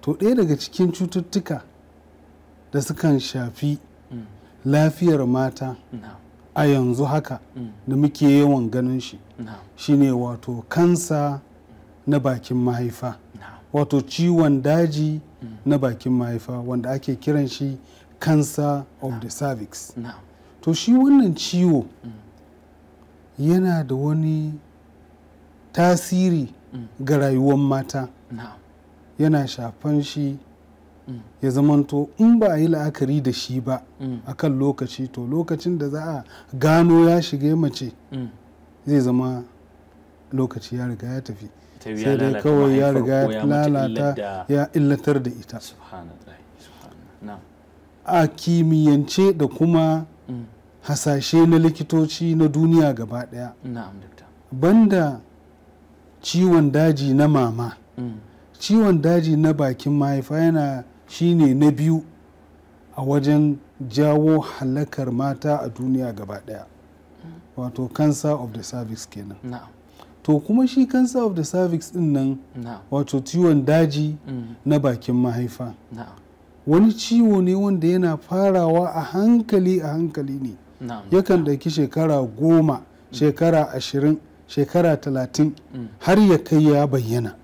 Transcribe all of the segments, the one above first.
to ɗaya daga cikin cututtuka da sukan shafi lafiyar mata a yanzu haka da muke yawan ganin shi shine wato kansa na bakin mahaifa wato ciwon daji na bakin mahaifa wanda ake kiran shi cancer of the cervix to shi wannan ciwo yana da wani tasiri ga rayuwar mata yana shafan shi ya zamanto in ba a yi la'akari da shi ba a kan lokaci to lokacin da za a gano ya shiga mace zai zama lokaci ya riga ya tafi sai dai kawai ya riga ya lalata ya illatar da ita a kimiyyance da kuma hasashe na likitoci na duniya gaba daya banda ciwon daji na mama mm. ciwon daji na bakin mahaifa yana shine na biyu a wajen jawo halakar mata a duniya gaba daya wato cancer of the cervix kenan to kuma shi cancer of the cervix din nan wato ciwon daji mm. na bakin mahaifa wani ciwo ne wanda yana farawa a hankali a hankali ne yakan ɗauki shekara goma mm. shekara ashirin shekara talatin mm. har ya kai ya bayyana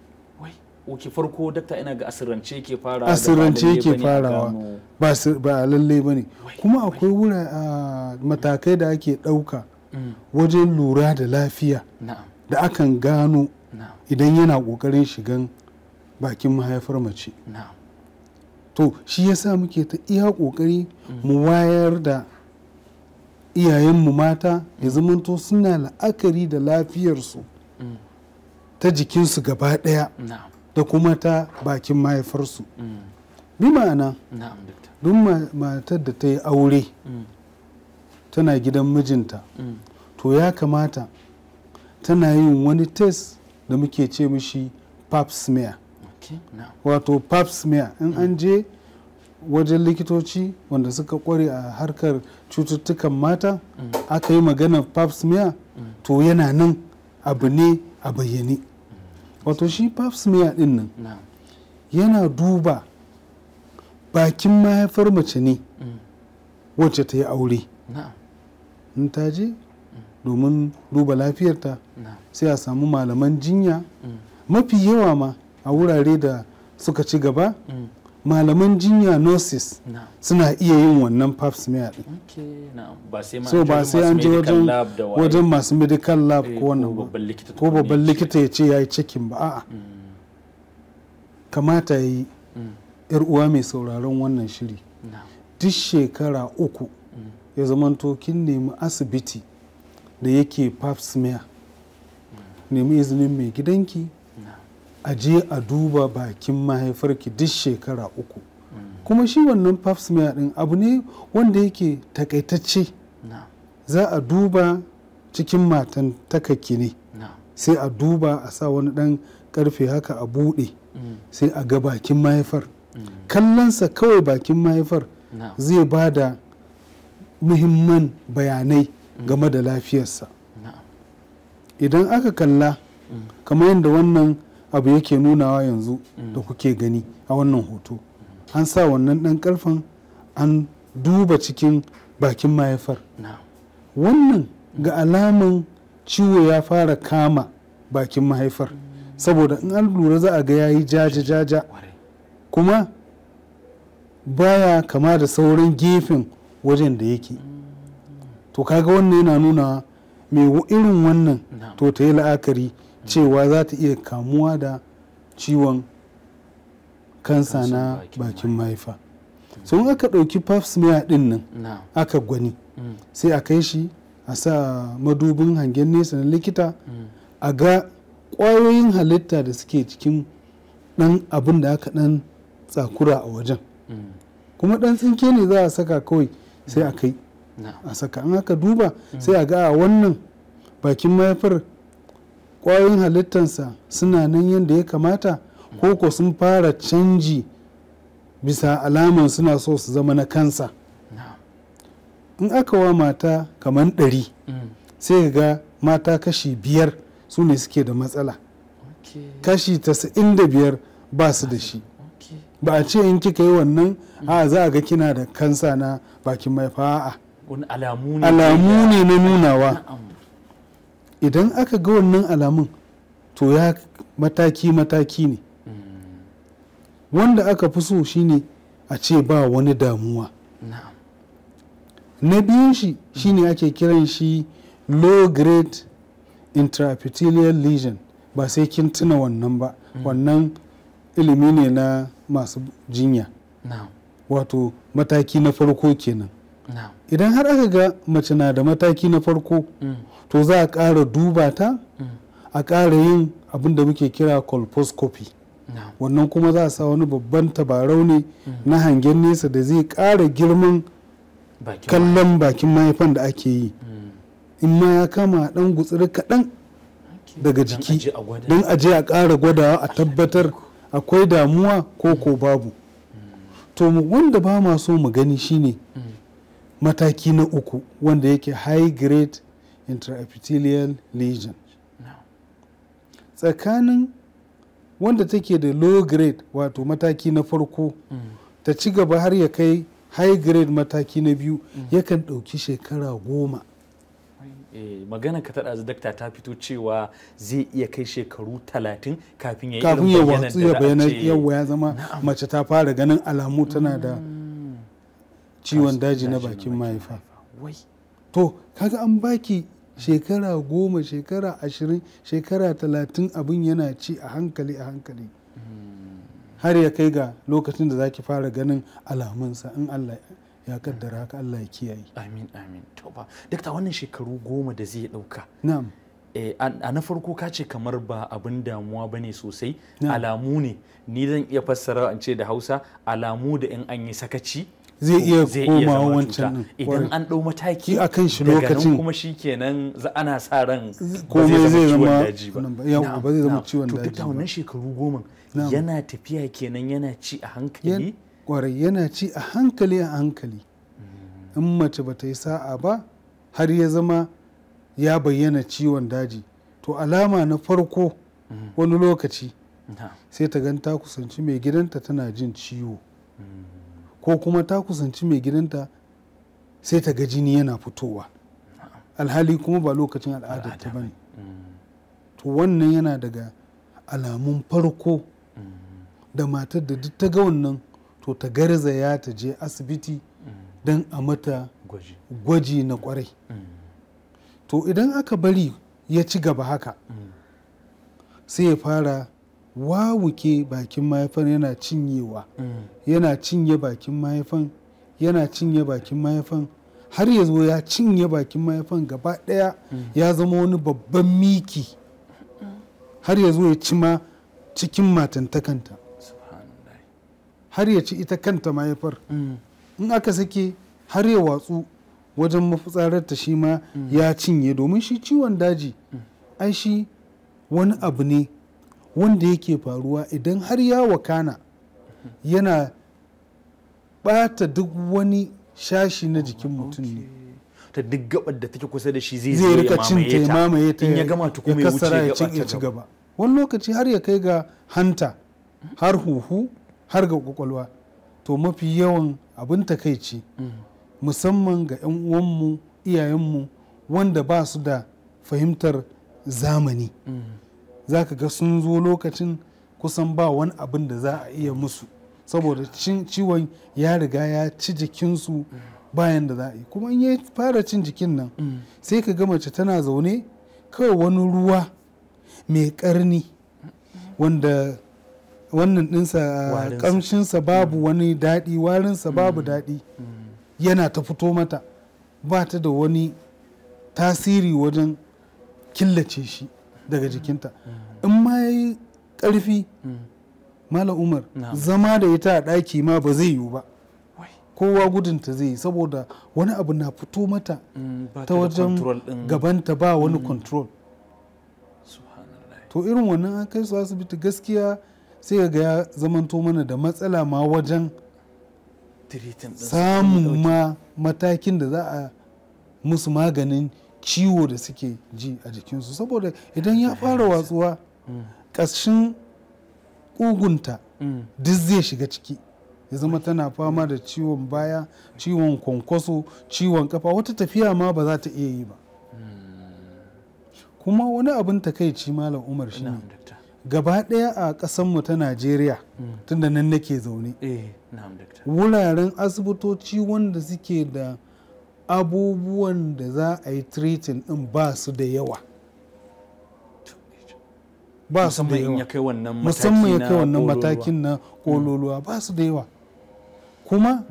oke farko dakta ina ga asirance yake fara asirance yake farawa ba lalle ba ne kuma akwai wura matakai da ake ɗauka mm. wajen lura da lafiya da akan gano idan yana ƙoƙarin shigan bakin mahaifar mace to shi yasa muke ta iya ƙoƙari mm. mu wayar da iyayenmu mata ya mm. zamanto suna la'akari da lafiyarsu ta jikinsu gaba ɗaya da kuma ta bakin mahaifarsu bi ma'ana duk matar da ta yi aure mm. tana gidan mijinta mm. to ya kamata tana yin wani test da muke ce mishi pap smear wato pap smear in an mm. je wajen likitoci wanda suka kware a harkar cututtukan mata aka yi magana pap smear to yana nan abu ne a bayyane wato shi pap smear din nan yana duba bakin mahaifar mace ne mm. wacce ta yi aure in ta je domin duba lafiyarta sai a samu malaman jinya mm. mafi yawa ma a wurare da suka ci gaba mm. malaman jinya nurses suna iya yin wannan pap smear din so ba sai an je wajen masu medical lab eh, ko wannan ko babban likita ya ce ya yi cikin ba a'a hmm. kamata ya yi hmm. yar uwa mai sauraron wannan shiri duk shekara uku hmm. ya zamanto kin nemi asibiti da yake pap smear nemi izinin mai gidanki a je a duba bakin mahaifarki duk shekara uku kuma shi wannan pap smear din abu ne wanda yake takaitacce za a duba cikin matan takaki ne sai a duba a sa wani dan karfe haka a bude mm. sai a ga bakin mahaifar mm. kallonsa kawai bakin mahaifar zai ba da muhimman bayanai mm. game da lafiyarsa idan aka kalla kamar yadda wannan abu yake nunawa yanzu mm. da kuke gani a wannan hoto an sa wannan dan ƙarfen an duba cikin bakin mahaifar wannan ga alamun ciwo ya fara kama bakin mahaifar saboda in an lura za a ga ya yi jaja-jaja kuma baya kama da sauran gefen wajen da yake mm. to kaga wannan yana nuna mai irin wannan to ta yi la'akari cewa za ta iya kamuwa da ciwon kansa na bakin mahaifa sun aka ɗauki pap smear ɗin nan aka gwani mm. sai a kai shi a sa madubin hangen nesa na likita mm. a ga ƙwayoyin halitta da suke cikin ɗan abin da aka ɗan tsakura a wajen mm. kuma ɗan tsinke ne za a saka kawai sai a kai a saka an aka duba sai a ga a wannan bakin mahaifar kwayoyin halittansa suna nan yadda ya kamata ko ko sun fara canji bisa alaman suna so su zama na kansa in aka wa mata kamar ɗari mm. sai ga mata kashi biyar su ne suke da matsala kashi tasa'in da biyar ba su da shi ba a ce in kika yi wannan a za a ga kina da kansa na bakin mai fa'a alamu ne na nunawa idan aka ga wannan alamun to ya mataki-mataki ne wanda aka fi so shine a ce ba wani damuwa na biyun shi shine ake kiran shi low grade intraepithelial lesion ba sai kin tuna wannan ba mm. wannan ilimi ne na masu jinya wato mataki na farko kenan idan har aka ga mace na da mataki na farko mm. to za a ƙara duba ta mm. a ƙara yin abin da muke kira colposcopy wannan kuma za a sa wani babban tabarau ne mm. na hangen nesa da zai ƙara girman kallon bakin mahaifan da ake yi in ma ya kama dan gutsiri kaɗan daga jiki don aje a ƙara gwadawa a tabbatar akwai damuwa ko ko babu to wanda ba ma so mu gani shine mataki na uku wanda yake high grade intraepithelial lesion tsakanin wanda take da low grade wato mataki na farko mm. ta ci gaba har ya kai high grade mataki na biyu mm. yakan ɗauki shekara goma eh, magana ka taɗa dakta ta fito cewa zai iya kai shekaru talatin kafin ya yi irin bayanan da ya zama mace ta fara ganin alamu tana da mm. ciwon daji na bakin mahaifa to kaga an baki shekara goma shekara ashirin shekara talatin abin yana ci a hankali a hankali hmm. har ya kai ga lokacin da zaki fara ganin alamunsa in allah ya kaddara haka allah ya kiyaye amin amin to ba dakta wannan shekaru goma da zai dauka na'am eh, a na farko ka ce kamar ba abin damuwa ba ne sosai alamu ne ni zan iya fassara an ce da hausa alamu da in an yi sakaci zai iya koma wancan idan an ɗau mataki a kan shi lokacin kuma shi kenan ana sa ran ba zai zama ciwon daji ba zai zama ciwon daji ba to duk da wannan shekaru goma yana tafiya kenan yana ci a hankali kwarai yana ci a hankali a hankali hmm. in mace ta yi sa'a ba har ya zama ya bayyana ciwon daji to alama na farko hmm. wani lokaci sai ta gan ta kusanci mai gidanta tana jin ciwo ko kuma ta kusanci mai gidanta sai ta ga jini yana fitowa alhali kuma ba lokacin al'adar ta bane mm. to wannan yana daga alamun farko mm. da matar da duk ta ga wannan to ta garzaya ta je asibiti mm. don a mata gwaji na kwarai to idan aka bari ya ci gaba haka sai ya fara wawuke bakin mahaifan yana cinyewa yana cinye bakin mahaifan yana cinye bakin mahaifan har ya ya cinye bakin mahaifan gaba daya. ya zama wani babban miki har ya zo ya ci ma cikin matantakanta har ya ci ita kanta mahaifar mm. in aka sake har ya watsu wajen mafitsararta shi ma ya mm. cinye domin shi ciwon daji mm. ai shi wani abu ne wanda yake faruwa idan har ya wakana yana bata duk wani shashi na jikin mutum ne ta duk gabar da take kusa da shi zai zai rika cin ta mamaye ta ya gama ya wuce ya ci gaba wani lokaci har ya kai ga hanta har huhu har ga kwakwalwa to mafi yawan abin takaici musamman ga 'yan uwanmu iyayenmu wanda ba su da fahimtar zamani za ka ga sun zo lokacin kusan ba wani abin da za a iya musu saboda ciwon ya riga ya ci jikinsu bayan da za a yi kuma in ya fara cin jikin nan mm. sai ka ga mace tana zaune kawai wani ruwa mai karni wanda wannan ɗinsa kamshinsa babu mm. wani daɗi warinsa mm. babu daɗi yana ta fito mata ba ta da wani tasiri wajen killace shi daga jikinta in ma ya yi karfi mala umar zama da ita a ɗaki ma ba zai yiwu ba kowa gudunta zai yi saboda wani abu na fito mata mm, ta wajen gabanta ba wani mm. control to irin wannan an kai su asibiti gaskiya sai ga ya zamanto mana da matsala ma wajen samun ma matakin da za a musu maganin ciwo da suke ji a jikinsu saboda idan ya fara watsuwa ƙashin ƙugunta duk zai shiga ciki ya zama tana fama da ciwon baya ciwon kwankwaso ciwon kafa wata tafiya ma ba za ta iya yi ba kuma wani abin takaici malam umar shi gaba ɗaya a mu ta najeriya tunda nan nake zaune eh, wuraren asibitoci wanda suke da abubuwan da za a yi treating din ba su da yawa ba su da yawa musamman ya kai wannan matakin na kololuwa mm. ba su da yawa kuma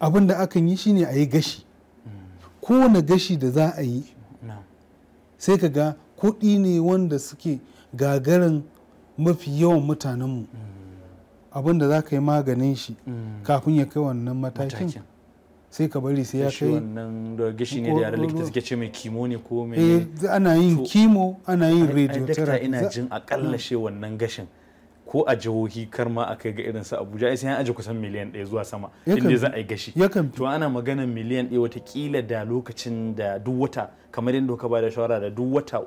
abin da akan yi shine a yi gashi mm. kowane gashi da za a yi sai ka ga kuɗi ne wanda suke gagarin mafi yawan mutanenmu mm. abin da za ka yi maganin shi kafin ya kai wannan matakin sai ka bari sai ya kai wannan gashi ne da yaran likita suke ce mai kimo ne ko mai eh ana yin kimo ana yin radiotherapy ina jin akalla she wannan gashin ko a jihohi kar ma a kai ga irin su Abuja ai sai an aje kusan miliyan ɗaya zuwa sama inda za a yi gashi to ana maganar miliyan ɗaya kila da lokacin da duk wata kamar yadda ka bada shawara da duk wata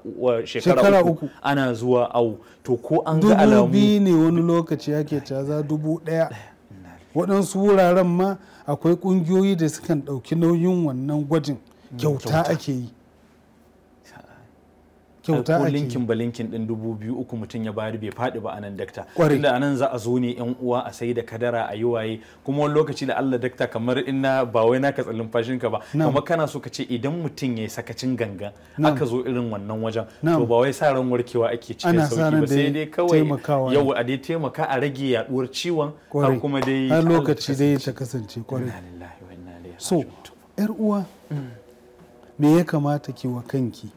shekara uku ana zuwa awu to ko an ga alamu dubu ne wani lokaci yake caza dubu ɗaya waɗansu wuraren ma akwai ƙungiyoyi da sukan ɗauki nauyin wannan gwajin mm. kyauta ake yi kyauta ake linkin ba linkin din dubu biyu uku mutum ya bayar bai faɗi ba anan dakta inda anan za a zo ne yan uwa a sai da kadara a yi waye kuma wani lokaci da Allah dakta kamar ina ba wai naka tsallin fashin ka ba kuma kana so ka ce idan mutum ya sakacin ganga aka zo irin wannan wajen to ba wai sa ran warkewa ake cikin sauki ba sai dai kawai yau a dai taimaka a rage yaduwar ciwon har kuma dai har lokaci dai ta kasance kwarai so yar uwa mm. me ya kamata ki wa kanki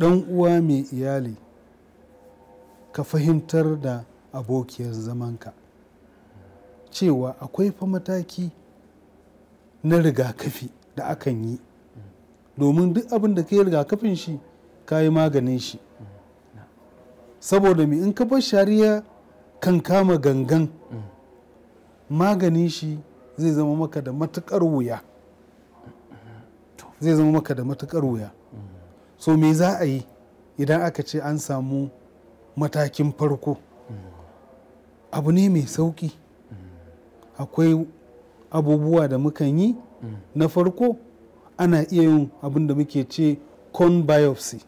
ɗan uwa mai iyali ka fahimtar da abokiyar zamanka cewa akwai fa mataki na rigakafi da akan yi domin duk abin da ka yi rigakafin shi ka yi maganin shi saboda mai in ka bar shari'a kan kama gangan maganin shi zai zama maka da matuƙar wuya zai zama maka da matukar wuya so me za a yi idan aka ce an samu matakin farko abu ne mai sauƙi akwai abubuwa da mukan yi na farko ana iya yin abin da muke ce con biopsy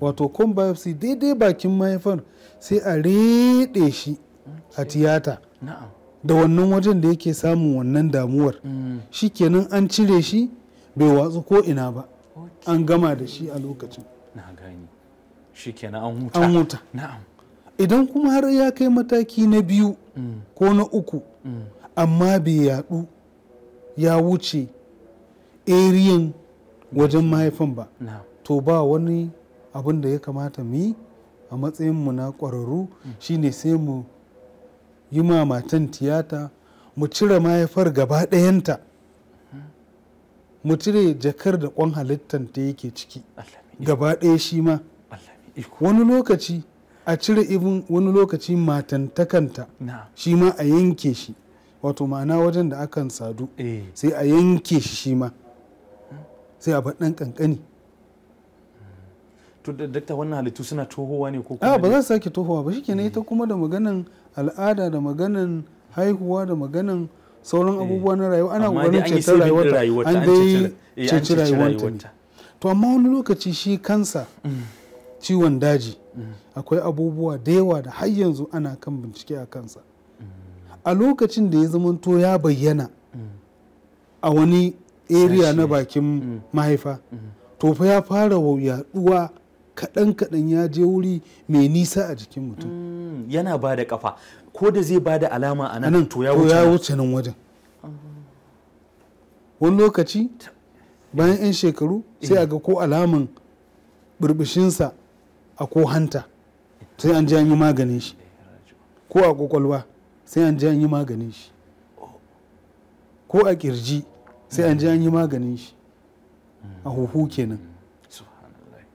wato con biopsy daidai bakin mahaifar sai a reɗe shi a tiyata da wannan wajen da yake samun wannan damuwar mm. shikenan an cire shi bai watsu ko ina ba an gama da shi a lokacin na gani shi kenan an huta an huta idan kuma har ya kai mataki na biyu mm. ko na uku mm. amma bai yadu ya wuce ariyan wajen mahaifin ba to ba wani abin da ya kamata mu yi a matsayinmu na ƙwararru mm. ne sai mu yi ma matan tiyata mu cire mahaifar gaba ɗayanta mu cire jakar da kwan halittan ta yake ciki gaba ɗaya shi ma wani lokaci a cire ibin wani lokaci matantakanta shi ma a yanke shi wato ma'ana wajen da akan sadu eh. sai a yanke shi shi ma sai a faɗin ƙanƙani to da dakta wannan halittu suna tohowa ne ko kuma ba za su sake tohowa ba shikenan ita eh. kuma da maganan al'ada da maganan haihuwa da maganan sauran eh, abubuwa na rayuwa ana ƙoƙarin cetar rayuwarta an dai ceci eh, rayuwar ta. to amma wani lokaci shi kansa mm. ciwon daji mm. akwai abubuwa da yawa da har yanzu ana kan bincike a kansa mm. a lokacin da ya zamanto ya bayyana a wani area na bakin mahaifa to fa ya fara yaduwa kaɗan-kaɗan ya je wuri mai nisa a jikin mutum yana ba da kafa ko da zai ba da alama a nan to ya wuce nan wajen wani lokaci bayan 'yan shekaru sai a ga ko alaman burbushinsa a ko hanta sai an ji an yi maganin shi ko a kwakwalwa sai an ji an yi maganin shi ko a kirji sai an ji an yi maganin shi a huhu kenan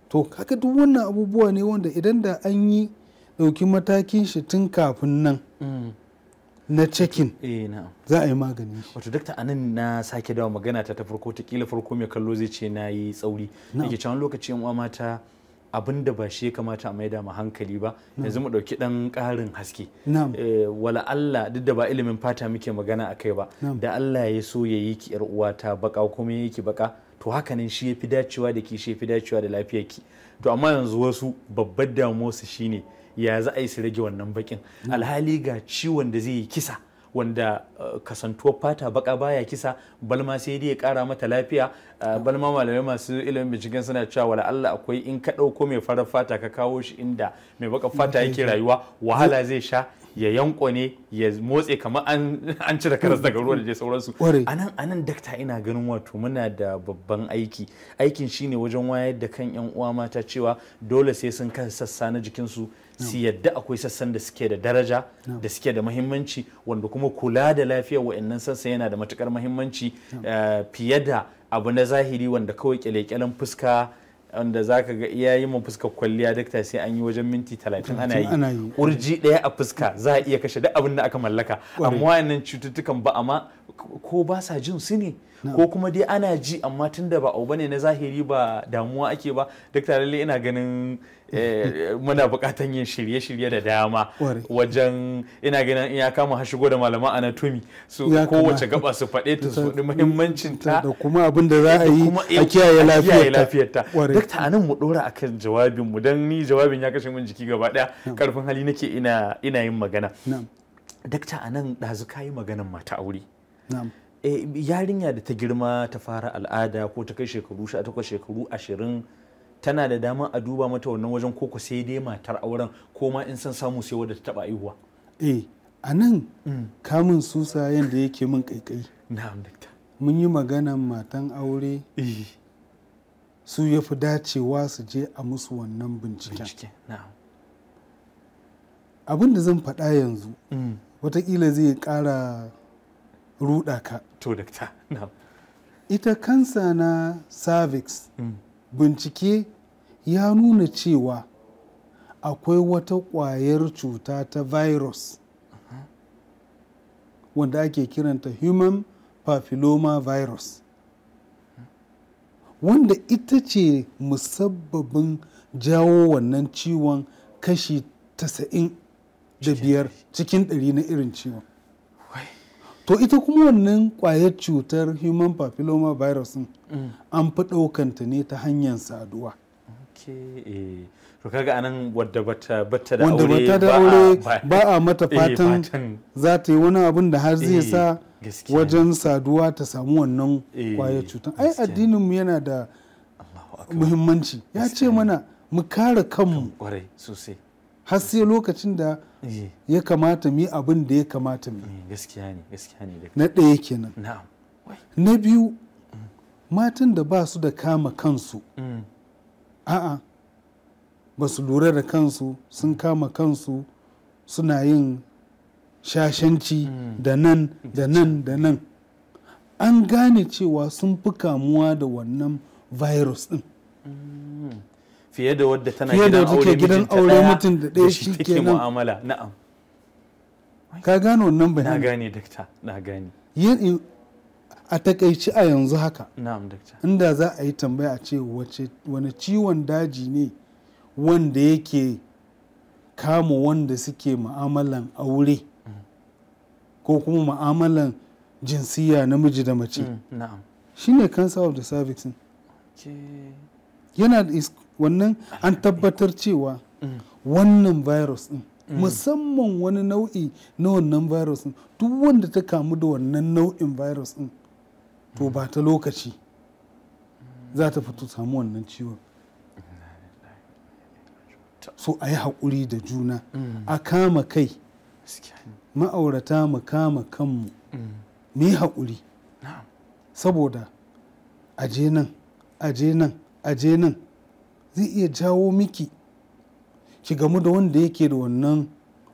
to haka duk wannan abubuwa ne wanda idan da an yi ɗauki matakin shi tun kafin nan mm. na cekin eh, za a yi magani wato dakta anan na sake dawa magana ta ta farko ta kila farko mai kallo zai ce na yi tsauri yake cewa lokaci yan mata abin da ba shi ya kamata a maida ma hankali ba yanzu mu ɗauki ɗan karin haske eh, wala Allah duk da ba ilimin fata muke magana akai ba da Allah ya so ya yi ki yar uwa ta baka kuma ya ki baka to hakanan shi ya fi dacewa da ki shi ya fi dacewa da lafiyarki to amma yanzu wasu babbar damuwarsu shine ya za a yi su rage wannan bakin alhali ga ciwon da zai yi kisa wanda uh, kasantuwa fata baka baya kisa balma sai dai ya kara mata lafiya uh, balma malamai masu ilimin binciken suna cewa wala Allah akwai in ka ɗauko mai farar fata ka kawo shi inda mai baka fata yake rayuwa wahala zai sha ya yanko ne ya motse kamar an cire karas daga ruwa da je sauransu anan anan dakta ina ganin wato muna da babban aiki aikin shine wajen wayar da kan yan uwa mata cewa dole sai sun kan sassa na jikinsu su yadda akwai sassan da suke da daraja da suke da mahimmanci wanda kuma kula da lafiyar wa'annan sassan yana da matukar mahimmanci eh, fiye da abu na zahiri wanda kawai kyale-kyalen fuska wanda za ka ga iya yi fuskar kwalliya dakta sai an yi wajen minti talatin ana yi urji daya a fuska za a iya kashe duk abin da aka mallaka amma wayannan cututtukan ba a ko ba sa jin su ne ko kuma dai ana ji amma tunda ba bane na zahiri ba damuwa ake ba duk lalle ina ganin eh, muna bukatan yin shirye-shirye da dama wajen ina ganin ya kama shigo da malaman anatomy su kowace gaba su faɗe ta su da muhimmancin ta da kuma abin da za a yi a kiyaye lafiyarta ta duk ta anan mu dora akan jawabin mu dan ni jawabin ya kashe min jiki gaba daya karfin hali nake ina ina yin magana dakta anan ɗazu kayi maganan mata aure Eh, yarinya da ta girma ta fara al'ada ko ta kai shekaru sha shekaru ashirin tana da dama a duba mata wannan wajen koko sai dai matar auren ko ma in san samu sai wadda ta taba aihuwa eh a nan mm. kamun susa yadda yake min kaikai na'am mun yi maganan matan aure eh. su ya fi dacewa su je a musu wannan binciken abin da zan faɗa yanzu mm. watakila zai ƙara ruda ka to dakta ita kansa na cervix mm. bincike ya nuna cewa akwai wata ƙwayar cuta ta virus uh-huh. wanda ake kiranta human papilloma virus mm. wanda ita ce musabbabin jawo wannan ciwon kashi da biyar cikin 100 na irin ciwon to ita kuma wannan kwayar cutar human papilloma virus din mm. an fi ɗaukanta ne ta hanyar saduwa eh, kaga anan wadda bata da aure ba a mata eh, fatan za ta yi wani abin da har zai eh, sa wajen saduwa ta samu wannan kwayar cutar ai addininmu yana da muhimmanci ya ce mana mu kare kanmu har sai lokacin da Eh. ya kamata mu abin da ya kamata mu eh, gaskiya na ɗaya kenan na biyu mm. matan da ba su da kama kansu mm. a'a ba su lura da kansu sun kama kansu suna yin shashanci mm. da nan da nan da nan an gane cewa sun fi kamuwa da wannan virus din fiye da wadda tana gidan aure mutum da shi take mu'amala na'am ka gane wannan bayani na gane dakta na gane a takaici a yanzu haka na'am dakta inda za a yi tambaya a ce wani ciwon daji ne wanda yake kama wanda suke ma'amalan aure ko kuma ma'amalan jinsiya namiji da mace mm, shine cancer of the cervix yana da wannan an tabbatar cewa wannan virus din mm. musamman wani nau'i na wannan virus din duk wanda ta kamu da wannan nau'in virus din to ba ta lokaci za ta fito samu wannan ciwon so a yi haƙuri da juna mm. a kama kai ma'aurata mu kama kanmu mm. mu yi haƙuri saboda aje nan aje nan aje nan zai iya jawo miki ki gamu da wanda yake da wannan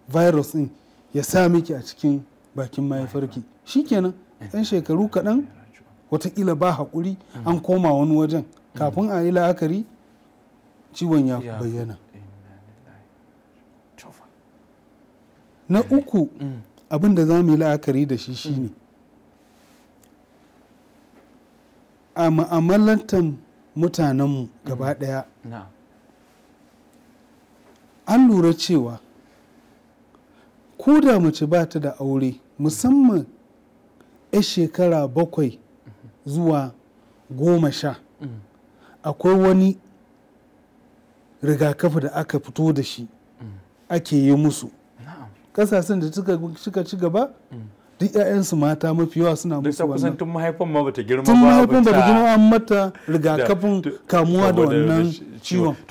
virus din ya sa miki a cikin bakin mahaifarki shi kenan ɗan shekaru kaɗan watakila ba haƙuri an koma wani wajen kafin a yi la'akari ciwon ya bayyana na uku mm. abin da za mu yi la'akari da shi shine mm. a ma'amalantan mutanenmu gaba mm-hmm. ɗaya an lura cewa ko da mace ba ta da aure musamman 'yar shekara bakwai mm-hmm. zuwa goma sha mm-hmm. akwai wani rigakafi da aka fito da shi mm. ake yi musu ƙasashen da suka ci gaba mm. duk 'ya'yansu mata mafi yawa suna musu wannan kusan tun mahaifan ma bata girma an mata rigakafin kamuwa da wannan ciwon